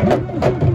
Thank you.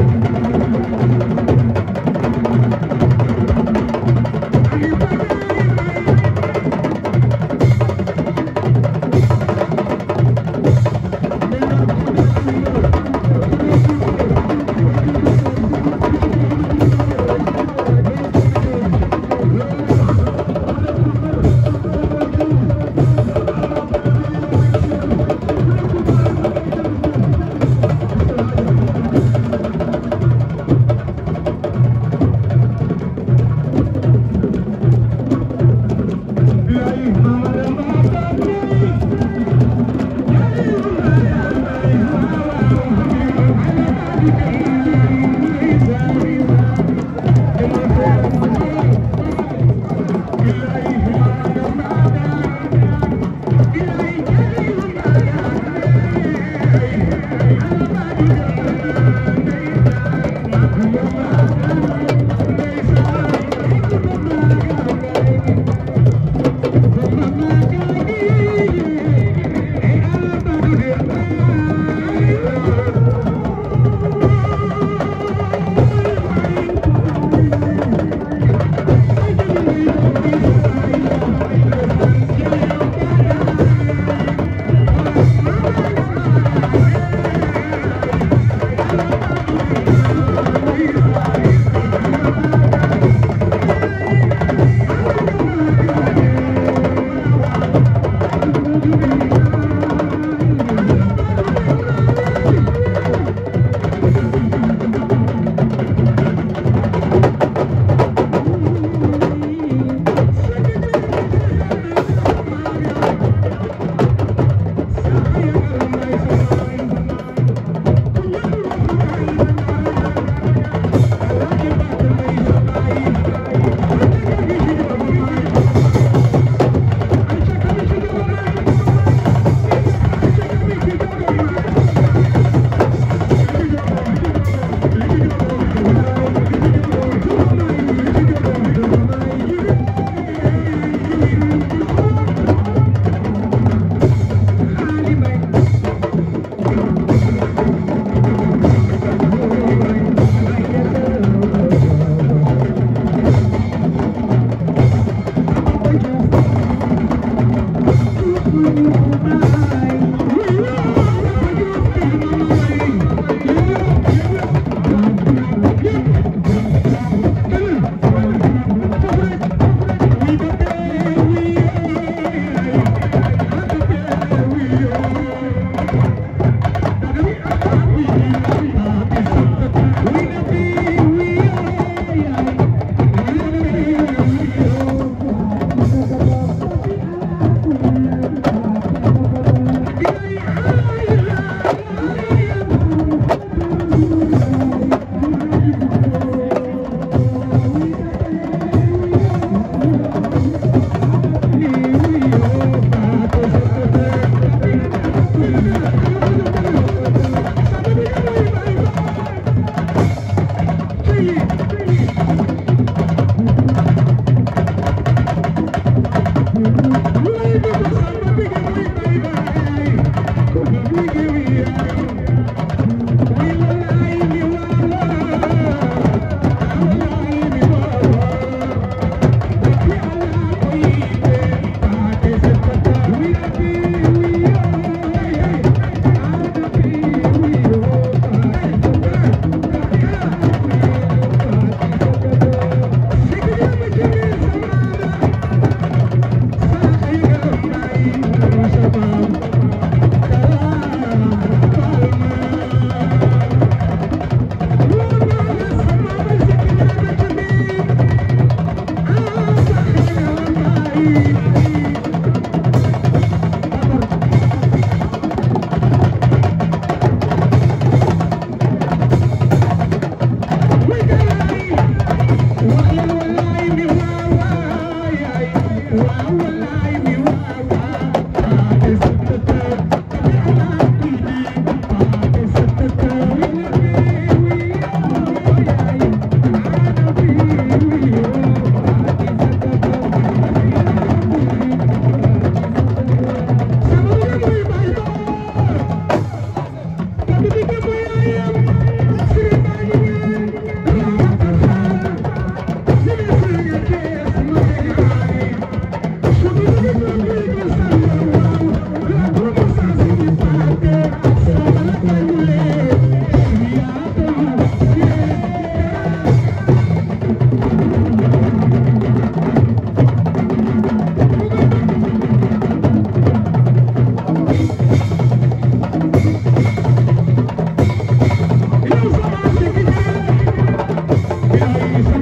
Thank you. Hare Hare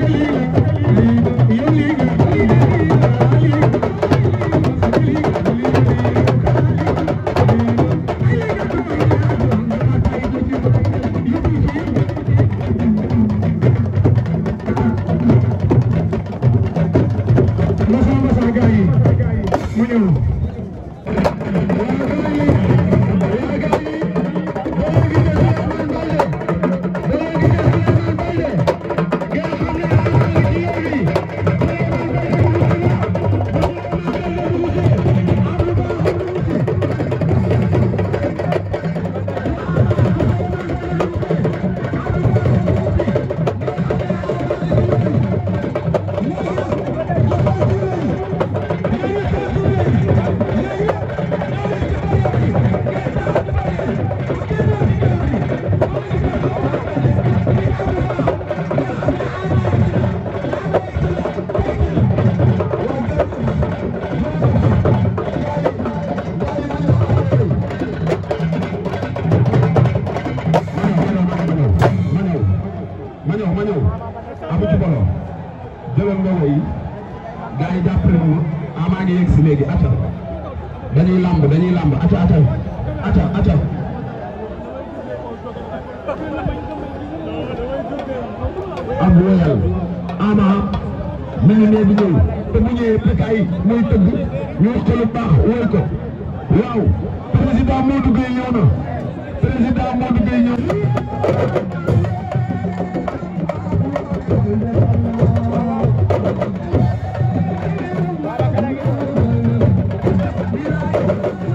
Muñoz. amu ci bolo jëloon ndongo yi gars yi jàppale ma ah ngi yegg si léegi atta dañuy làmb dañuy làmb atta atta atta atta am wéyal ama mi ngi nee di ñëw te bu ñëwee fekk ay muy tëgg ko lu baax wóor ko waaw président Modou Gueye ñëw na président Modou Gueye ñëw Thank you.